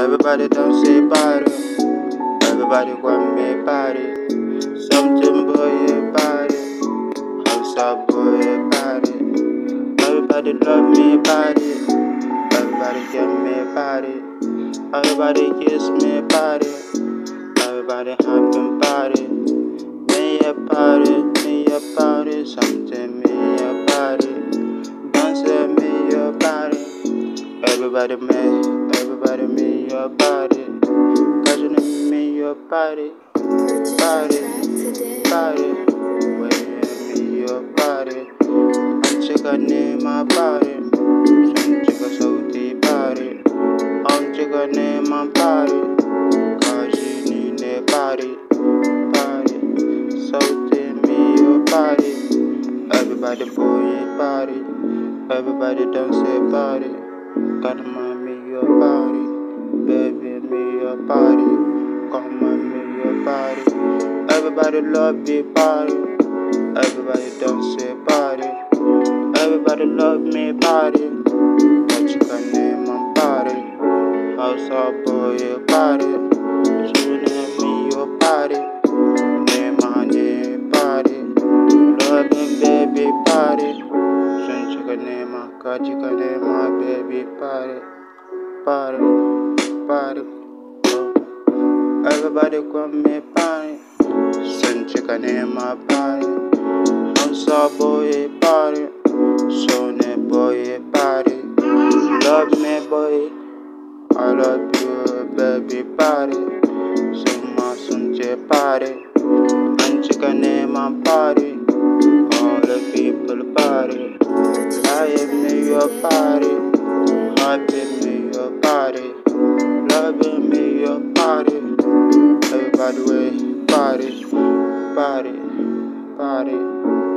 Everybody don't say body. Everybody want me body, Something boy I'm so boy body. Everybody love me body, Everybody give me body, Everybody kiss me body, Everybody happy body. Me a party, me a party, something me a party. Don't say me a party. Everybody me, everybody me your body. Got your name in your body. Body, body. When you your body. I'm chicken in my body. Some take salty body. I'm chicken in my body. Cause you need a body. Body. Salty me your body. Everybody boy, your body. Everybody dance your body. Gotta mind me your body a party. Come and make a party. Everybody love the party. Everybody dance a party. Everybody love me party. But you can name my party. House up for a party. You name me your party. Name my party. Love me baby party. Since you my God, you name my baby party. Party. Party. Everybody call me Barry. Send chicken in my body. Monster boy body. Sony boy party. Love me boy. I love you baby body. Sing my sunche party. And chicken in my party. All the people party. I me your party. I me your party. Loving me your party the way, body, body, body.